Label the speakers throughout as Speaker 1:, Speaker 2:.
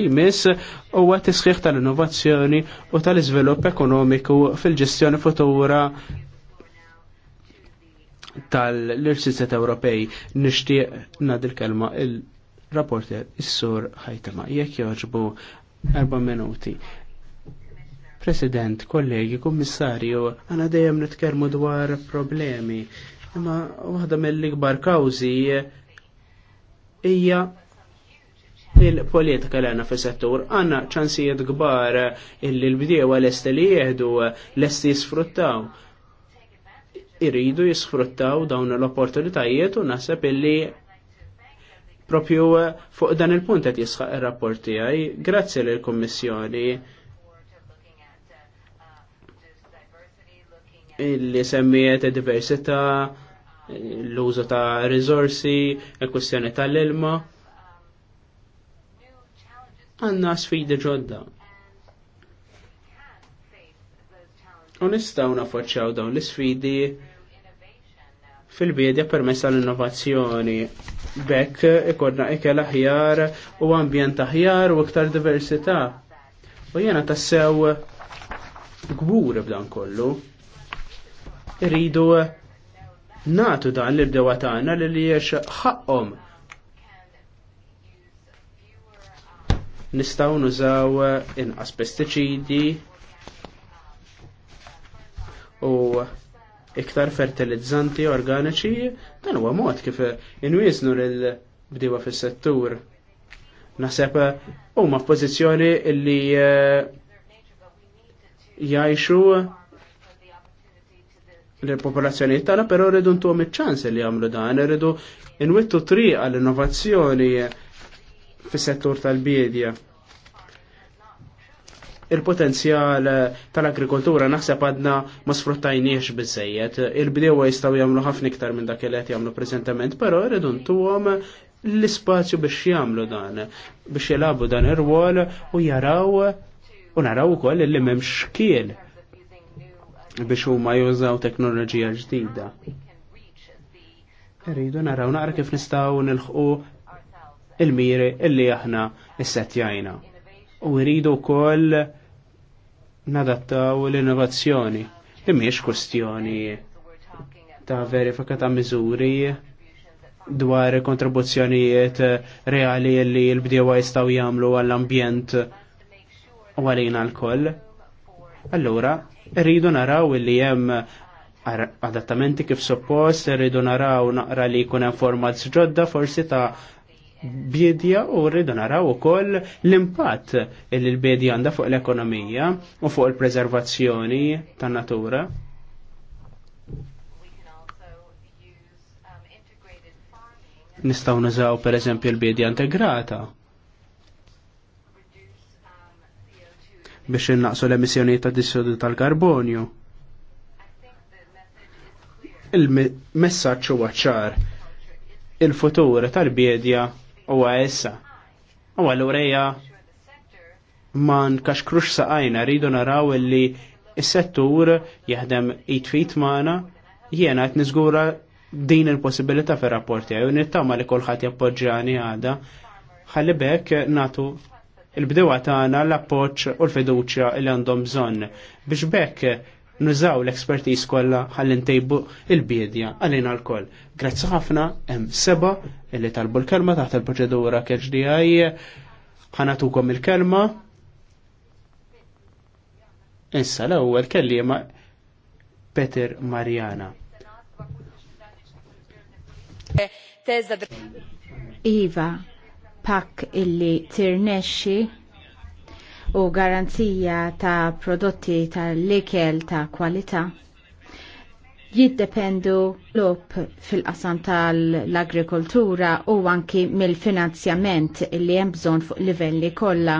Speaker 1: Imis huwa tisħiħ tal-innovazzjoni u tal-iżvilupp ekonomiku fil-ġestjoni futura tal-Irsiset Ewropej. Nixtieq nad il-kelma il-rapporter is-sur ħajtama. Jekk joġbu erba' minuti. President, kollegi, kummissarju, għana dejjem nitkellmu dwar problemi. Imma waħda mill-ikbar kawżi hija il-politika li għanna fil-settur għanna ċansijiet gbar illi l-bdiewa l est li jihdu l est jisfruttaw. Iridu jisfruttaw dawn l-opportunitajiet u nasab illi propju fuq dan il-punt qed jisħaq ir-rapporti għaj. Grazzi lill-Kummissjoni illi semmijiet diversità l-użu ta' risorsi, il-kwestjoni tal-ilma għanna sfidi ġodda. U nafoċċaw dawn l-sfidi fil-bidja permessa l-innovazzjoni. Bekk ikodna ikel aħjar u ambjent aħjar u iktar diversità. U jena tassew gbur b'dan kollu. Irridu natu dan l-bdewa tagħna li li jiex nistaw nużaw eh, inqas pestiċidi u iktar fertilizzanti organiċi dan huwa mod kif eh, inwiżnu lil bdiewa fis-settur. Naħseb eh, huma f'pożizzjoni li jgħixu l-popolazzjoni tagħna, però rridu ntuhom iċ-ċans li jagħmlu dan, irridu nwittu triq għall-innovazzjoni fis-settur tal-bidja. Il-potenzjal tal-agrikoltura naħseb għadna ma sfruttajniex bizzejiet. Il-bdewa jistaw jamlu ħafna iktar minn dak li qed jagħmlu preżentament, però rridu ntuhom l-ispazju biex jagħmlu dan, biex jelabu dan ir-rwol u jaraw u naraw ukoll li memx kiel. biex huma jużaw teknoloġija ġdida. Rridu naraw naqra kif nistgħu nilħqu il-miri illi aħna s-setjajna. U rridu wkoll nadattaw l-innovazzjoni li mhijiex kwestjoni ta' verifika ta' miżuri dwar kontribuzzjonijiet reali li l-bdiewa jistgħu jagħmlu għall-ambjent u għalina l-koll. Allura, rridu naraw li jem adattamenti kif suppost, rridu naraw naqra li jkun hemm ġodda forsi ta' bjedja u rridu naraw ukoll l-impatt li l-bjedja għandha fuq l-ekonomija u fuq il-preservazzjoni tan-natura. Nistgħu per eżempju l-bjedja integrata biex innaqsu l-emissjoni ta' dissodu tal-karbonju. il messagġu huwa ċar il-futur tal-bjedja u issa. U għallurija ma nkax krux saqajna rridu naraw li s-settur jaħdem it-fit maħna jiena għet nizgura din il-possibilita fir rapporti għaj, nittama li kolħat jappoġġani għada, ħalli bekk natu il-bdewa tagħna l-appoġġ u l-fiduċja li għandhom bżonn. Biex bekk nużaw l-ekspertiż kollha ħalli ntejbu il-bidja għalina għal koll Grazzi ħafna hemm seba illi talbu l-kelma taħt il-proċedura KHDI ħanatukom il-kelma. Issa l-ewwel kelliema Peter Marjana.
Speaker 2: Iva, pak illi tirnexxi u garanzija ta' prodotti l-ikel ta' kwalità jiddependu l-op fil-qasam tal-agrikoltura u anki mill-finanzjament li hemm bżonn fuq livelli kollha.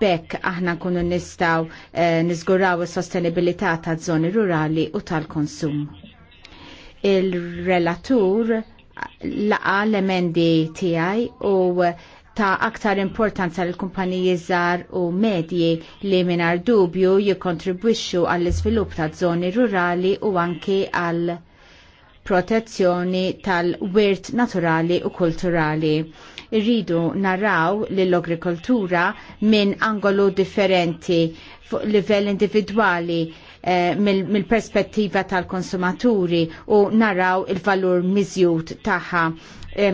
Speaker 2: Bekk aħna nkunu nistgħu eh, niżguraw is-sostenibilità taż-żoni rurali u tal-konsum. Il-relatur laqa l-emendi tiegħi u ta' aktar importanza l kumpaniji żgħar u medji li mingħajr dubju jikkontribwixxu għall iżvilupp ta' żoni rurali u anki għal protezzjoni tal-wirt naturali u kulturali irridu naraw li l-agrikoltura minn angolu differenti fuq livell individwali Eh, mill-perspettiva tal-konsumaturi u naraw il-valur miżjud tagħha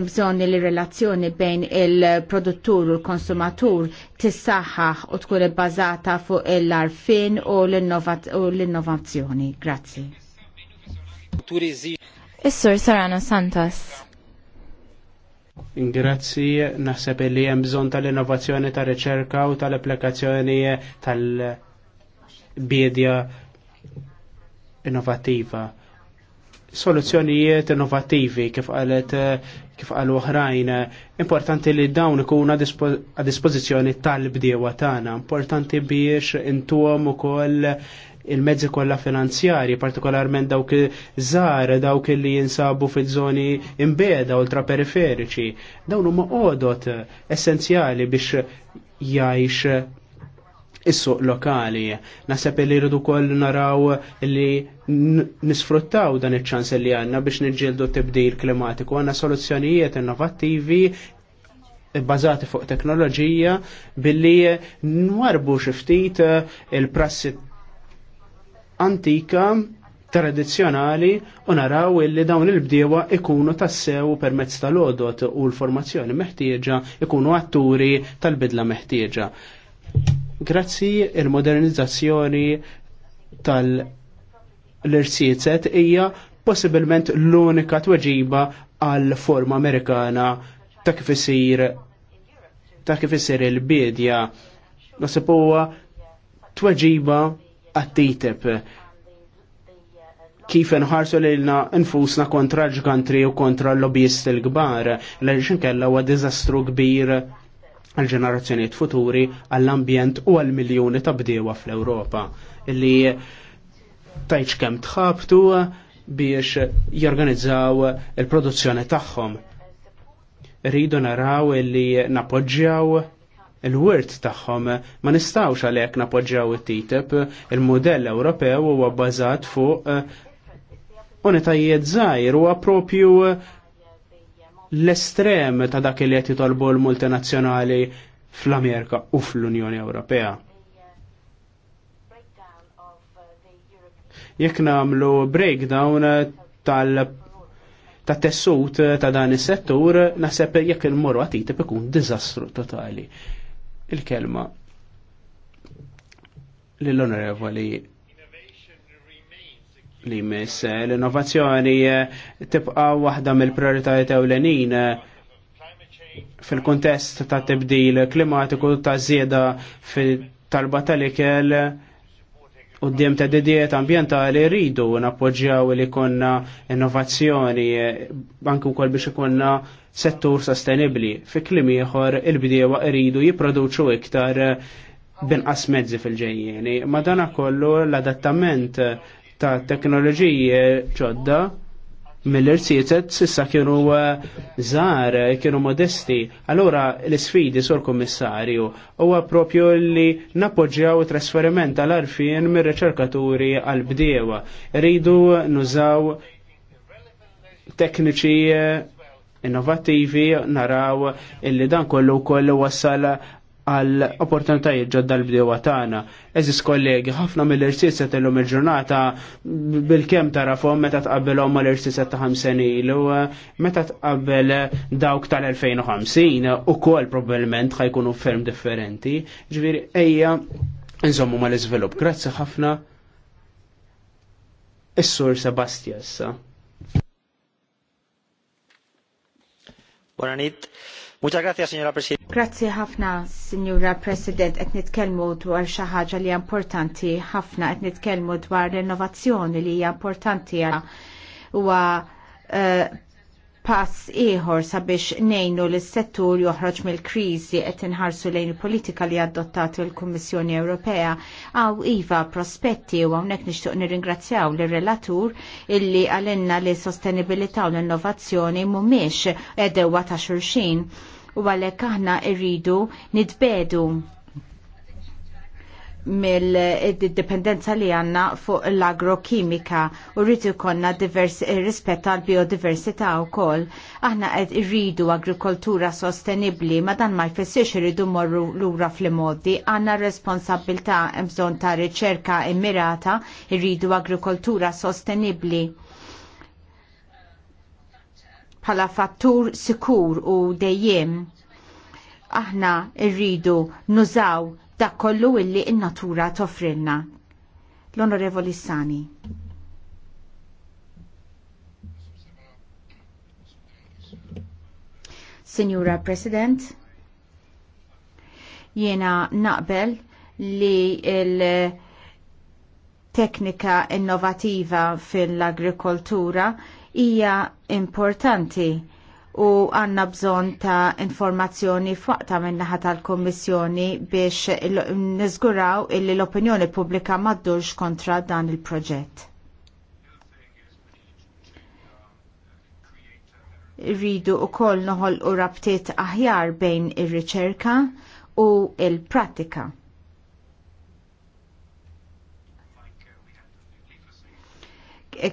Speaker 2: bżonn li relazzjoni bejn il-produttur u l-konsumatur tissaħħaħ u tkun ibbażata fuq l-arfin u l-innovazzjoni. Grazzi. Is-Sur Sarano Santos.
Speaker 1: Grazzi, naħseb li hemm bżonn tal-innovazzjoni tal-riċerka u tal-applikazzjoni tal-bidja innovattiva. Soluzzjonijiet innovattivi kif għalet kif għal oħrajn, importanti li dawn ikunu għad dispożizzjoni tal-bdiewa tagħna, importanti biex intuhom ukoll il-mezzi kollha finanzjari, partikolarment dawk żgħar, dawk li jinsabu fiż-żoni imbeda ultraperiferiċi. Dawn huma għodot essenzjali biex jgħix is-suq lokali. Naseb li rridu koll naraw li nisfruttaw dan iċ-ċans li għanna biex nġildu tibdil klimatiku. Għanna soluzzjonijiet innovattivi bazati fuq teknoloġija billi nwarbu xiftit il-prassi antika tradizjonali u naraw illi dawn il-bdiewa ikunu tassew permezz tal-odot u l-formazzjoni meħtieġa ikunu atturi tal-bidla meħtieġa. Grazzi il-modernizzazzjoni tal-irsiet hija possibilment l-unika tweġiba għal forma Amerikana ta' kif isir ta' kif isir il-bidja. Nasib huwa tweġiba għat-TTIP. Kif nħarsu lilna nfusna kontra l ġgantri u kontra l-lobbyist il-gbar, l ġinkella huwa diżastru kbir għal-ġenerazzjoniet futuri, għall-ambjent u għal-miljoni ta' bdiewa fl-Ewropa illi tajċ kem tħabtu biex jorganizzaw il-produzzjoni tagħhom. Rridu naraw illi napoġġjaw il-wirt tagħhom ma nistawx għalhekk napoġġjaw it-TTIP, il-modell Ewropew huwa bbażat fuq unitajiet żgħir huwa propju l-estrem ta' dak li qed jitolbu l-multinazzjonali fl-Amerika u fl-Unjoni Ewropea. Jekk nagħmlu breakdown tal ta' tessut ta' dan is-settur, naħseb jekk il-morru għatiti ikun diżastru totali. Il-kelma lill-onorevoli li mis eh, l-innovazzjoni eh, tibqa waħda mill-prioritajiet ewlenin eh, fil-kontest ta' tibdil klimatiku ta' żieda tal-talba tal-ikel u d-diem ta' didiet ambientali rridu nappoġġjaw li konna innovazzjoni anke wkoll biex ikonna settur sostenibli. Fi klim ieħor il-bdiewa rridu jipproduċu iktar binqas mezzi fil-ġejjeni. Ma kollu l-adattament ta' teknoloġiji ġodda mill irsietet sissa kienu eh, żgħar, kienu modesti. Allura l-isfidi sur kummissarju huwa propju li nappoġġjaw trasferiment tal-arfien mir-riċerkaturi għal bdiewa. Ridu nużaw tekniċi eh, innovativi naraw illi dan kollu kollu wassal għal opportunitajiet ġodda l-bdewa tagħna. Eżis kollegi, ħafna mill-irsiset illum il-ġurnata bil-kem tarafhom meta tqabbelhom mal-irsiset ta' ħamsen ilu, meta tqabbel dawk tal-2050 ukoll probabbilment ħajkunu ferm differenti. Ġifieri ejja ma mal-iżvilupp. Grazzi ħafna. Is-sur Sebastian sa. Buonanit. Muchas gracias, signora Presidente.
Speaker 2: Grazie ħafna, signora President, et nitkelmu dwar xi ħaġa li importanti ħafna qed nitkellmu dwar l-innovazzjoni li hija importanti huwa eh, pass ieħor sabiex nejnu lis settur joħroġ mill-kriżi qed inħarsu lejn il-politika li adottatu l-Kummissjoni Ewropea għaw iva prospetti u hawnhekk nixtieq nirringrazzjaw lir relatur illi għalenna li sostenibilità u l-innovazzjoni mhumiex edewa ta' xulxin u għalhekk aħna rridu nitbedu mill-dipendenza li għanna fuq l-agrokimika u rridu konna eh, rispetta għal biodiversità u kol. Aħna għed irridu agrikoltura sostenibli ma dan ma jfessiex irridu morru l-ura fl-modi. Għanna responsabilta mżon ta' riċerka immirata irridu agrikoltura sostenibli bħala fattur sikur u dejjem aħna irridu nużaw dak kollu illi in-natura toffrinna. L-Onorevoli Sani. Signora President, jiena naqbel li il- teknika innovativa fil-agrikoltura hija importanti u għanna bżon ta' informazzjoni f'waqta minn naħa tal-Kommissjoni biex nizguraw illi l-opinjoni pubblika maddurx kontra dan il-proġett. Rridu u koll noħol u rabtiet aħjar bejn ir-riċerka u il-pratika.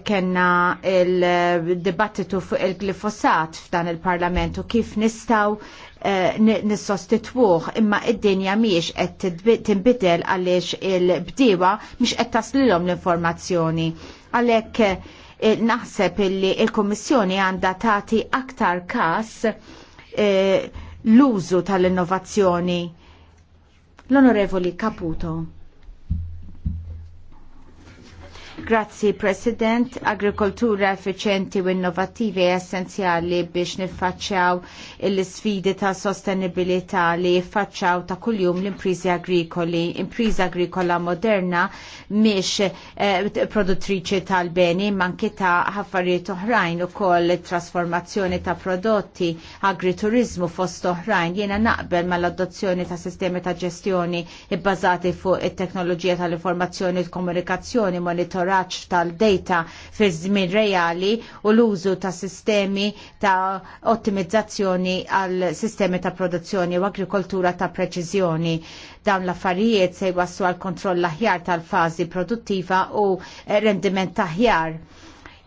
Speaker 2: kena il-dibattitu fuq il-glifosat f'dan il-parlamentu kif nistaw eh, imma id-dinja miex qed tinbidel għaliex il-bdiewa miex qed taslilhom l-informazzjoni. Għalhekk eh, naħseb illi il-Kummissjoni għandha tagħti aktar każ eh, l-użu tal-innovazzjoni. L-Onorevoli Caputo. Grazzi President, agrikoltura effiċenti u innovativi essenzjali biex niffaċċjaw l-sfidi ta' sostenibilità li jiffaċċjaw ta' kuljum l-imprizi agrikoli. Impriza agrikola moderna miex eh, produttriċi tal-beni manki ta' ħaffariet oħrajn u koll trasformazzjoni ta' prodotti agriturizmu fost oħrajn jena naqbel mal-adozzjoni ta' sistemi ta' ġestjoni bbażati fuq it-teknoloġija tal-informazzjoni u komunikazzjoni monitoraġġ monitoraġġ tal-data fi żmien reali u l-użu ta' sistemi ta' ottimizzazzjoni għal sistemi ta' produzzjoni u agrikoltura ta' preċiżjoni. Dawn l-affarijiet se jwassu għal kontroll aħjar tal-fażi produttiva u rendiment aħjar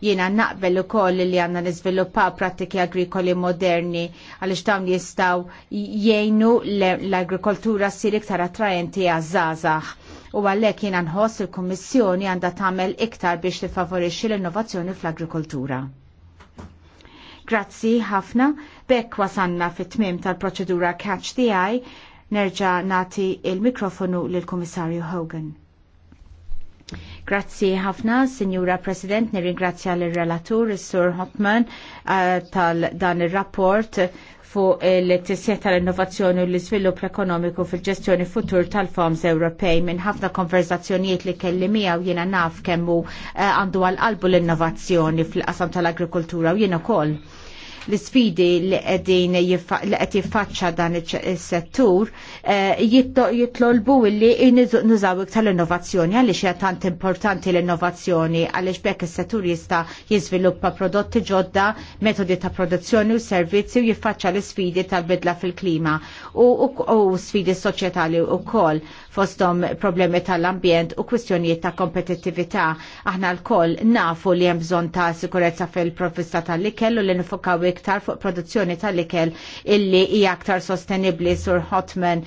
Speaker 2: jiena naqbel u koll li għanna nizviluppa prattiki agrikoli moderni għalix dawn jistaw jgħinu l-agrikoltura ssir iktar attraenti għazzazax u għallek jena nħoss il-Kommissjoni għanda tagħmel iktar biex tifavorixxi l-innovazzjoni fl-agrikoltura. Grazzi ħafna, bekk wasanna fit-tmim tal-proċedura Catch the Eye, nerġa' nati il-mikrofonu lill-Kummissarju Hogan. Grazzi ħafna, Sinjura President, nirringrazzja l-relatur, Sur Hopman, eh, tal-dan il-rapport fuq il-tisjet tal-innovazzjoni u l izvilup ekonomiku fil-ġestjoni futur tal-foms Ewropej minn ħafna konverzazzjonijiet li kelli miegħu jiena naf kemm hu eh, għandu għal qalbu l-innovazzjoni fil-qasam tal-agrikoltura u jiena ukoll l-sfidi li qegħdin li qed jiffaċċa dan is-settur eh, jitlolbu li nużaw iktar l-innovazzjoni għaliex hija tant importanti l-innovazzjoni għaliex bekk is-settur jista' jiżviluppa prodotti ġodda, metodi ta' produzzjoni u servizzi u jiffaċċa l-isfidi tal-bidla fil-klima u sfidi soċjetali wkoll fosthom problemi tal-ambjent u kwistjonijiet ta' kompetittività. Aħna lkoll nafu li hemm bżonn ta' sikurezza fil profista tal-ikel u li nifokaw iktar fuq produzzjoni tal-ikel illi hija aktar sostenibbli sur Hotman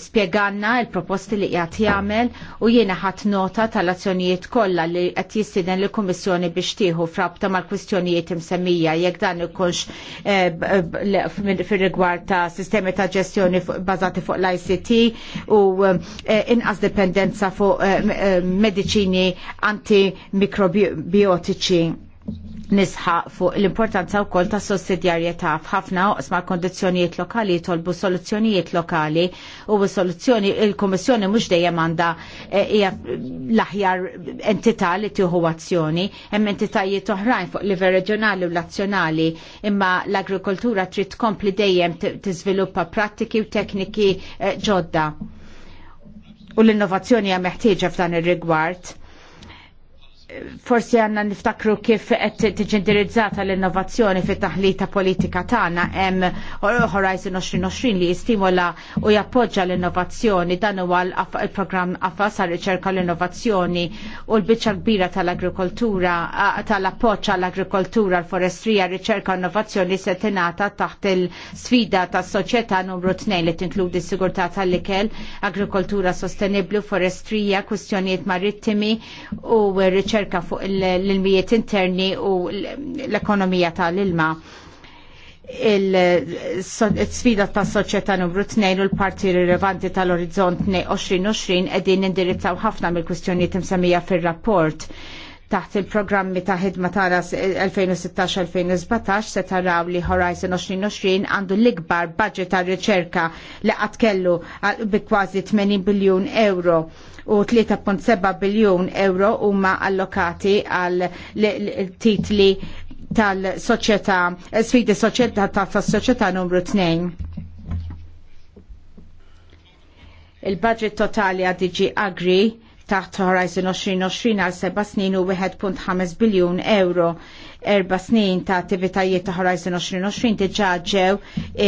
Speaker 2: spieganna il-proposti li jgħat jagħmel u jiena ħadd nota tal-azzjonijiet kollha li qed jistiden lill kummissjoni biex tieħu frabta mal-kwistjonijiet imsemmija jekk dan ikunx eh, fir-rigward ta' sistemi ta' ġestjoni bażati fuq l-ICT u eh, inqas dipendenza fuq eh, mediċini antimikrobiotiċi nisħaq fuq l-importanza wkoll ta' sussidjarjetà f'ħafna oqsma kondizzjonijiet lokali tolbu soluzzjonijiet lokali u soluzzjoni il-Kummissjoni mhux dejjem għandha eh, hija l-aħjar entità li tieħu azzjoni, hemm entitajiet oħrajn fuq livell reġjonali u nazzjonali, imma l-agrikoltura trid tkompli dejjem tiżviluppa prattiki u tekniki eh, ġodda. U l-innovazzjoni hija meħtieġa f'dan ir-rigward forsi għanna niftakru kif qed tiġindirizzata l-innovazzjoni fit taħlita politika tagħna hemm Horizon 2020 li jistimola u jappoġġa l-innovazzjoni dan huwa il-programm AFAS għal riċerka l-innovazzjoni u l-biċċa kbira tal-agrikoltura tal-appoġġ għall-agrikoltura l-forestrija riċerka innovazzjoni se tingħata taħt il-sfida tas-soċjetà numru 2 li tinkludi sigurtà tal-ikel, agrikoltura sostenibbli, forestrija, kwistjonijiet marittimi u riċerka riċerka fuq l-ilmijiet interni u l-ekonomija tal-ilma il-sfida ta' soċjetà numru 2 u l-parti rilevanti tal-orizzont 2020 qegħdin indirizzaw ħafna mill-kwistjonijiet imsemmija fir-rapport taħt il-programmi ta' ħidma tara 2016-2017 se taraw li Horizon 2020 għandu l-ikbar budget ta' riċerka li qatt kellu bi kważi 80 biljun euro u 3.7 biljun euro huma allokati għal titli tal-soċjetà, eh, sfidi ta' tas-soċjetà numru 2. Il-budget totali għad Agri taħt Horizon 2020 għal 7 snin u 1.5 biljun euro. Erba snin ta' attivitajiet ta' Horizon 2020 diġa ġew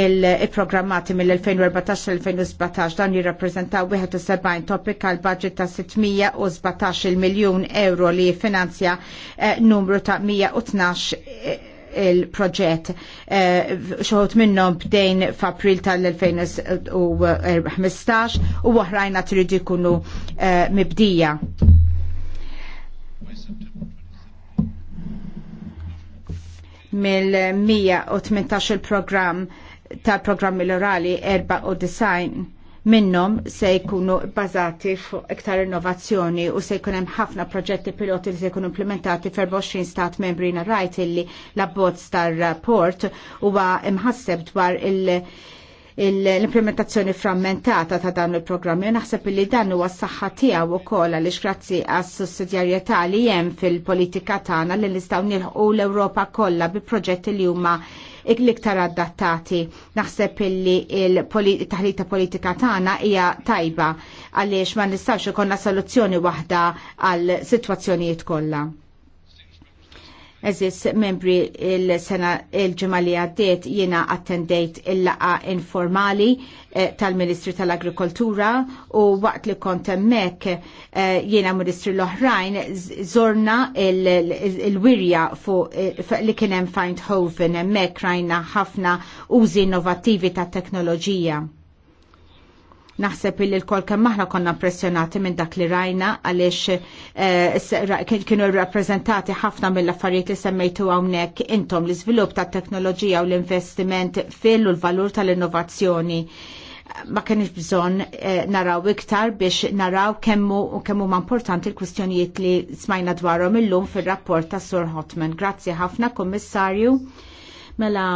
Speaker 2: il-programmati mill-2014-2017 dan jirrappreżentaw 71 topik għal budget ta' 617 il miljun euro li finanzja eh, numru ta' 112 il-proġett eh, xoħot minnom bdejn f'April tal-2015 u oħrajna tridu jkunu eh, mibdija. Mill-118 il-programm tal-programmi l-orali design minnom se jkunu bbażati fuq iktar innovazzjoni u se jkun hemm ħafna proġetti piloti li se jkunu implementati 20 stat membri rajt illi l-abbozz tar-rapport huwa imħasseb dwar il- l-implementazzjoni frammentata ta' dan il-programmi u naħseb li dan huwa s-saħħa tiegħu wkoll għaliex grazzi għas sussidjarjetà li hemm fil-politika tagħna li nistgħu nilħqu l-Ewropa kollha bi proġetti li huma iktar adattati. Naħseb illi il-taħlita politika tagħna hija tajba għaliex ma nistax ikollna soluzzjoni waħda għal sitwazzjonijiet kollha. Eżis membri il-sena il-ġemali għaddiet jiena attendejt il-laqa informali eh, tal-Ministri tal-Agrikoltura u waqt li kont hemmhekk eh, jiena Ministri l-oħrajn zorna il-wirja fuq eh, li kien hemm Findhoven hemmhekk rajna ħafna użi innovattivi tat teknoloġija Naħseb illi l-kol kemm aħna konna impressjonati minn dak li rajna għaliex eh, kienu rrappreżentati ħafna mill-affarijiet li semmejtu hawnhekk intom l-iżvilupp tat-teknoloġija u l-investiment fil u l-valur tal-innovazzjoni ma kienx bżon eh, naraw iktar biex naraw kemmu u kemmu ma importanti l-kwistjonijiet li smajna dwarhom illum fir-rapport ta' Sur Hotman. Grazzi ħafna, Kommissarju. Mela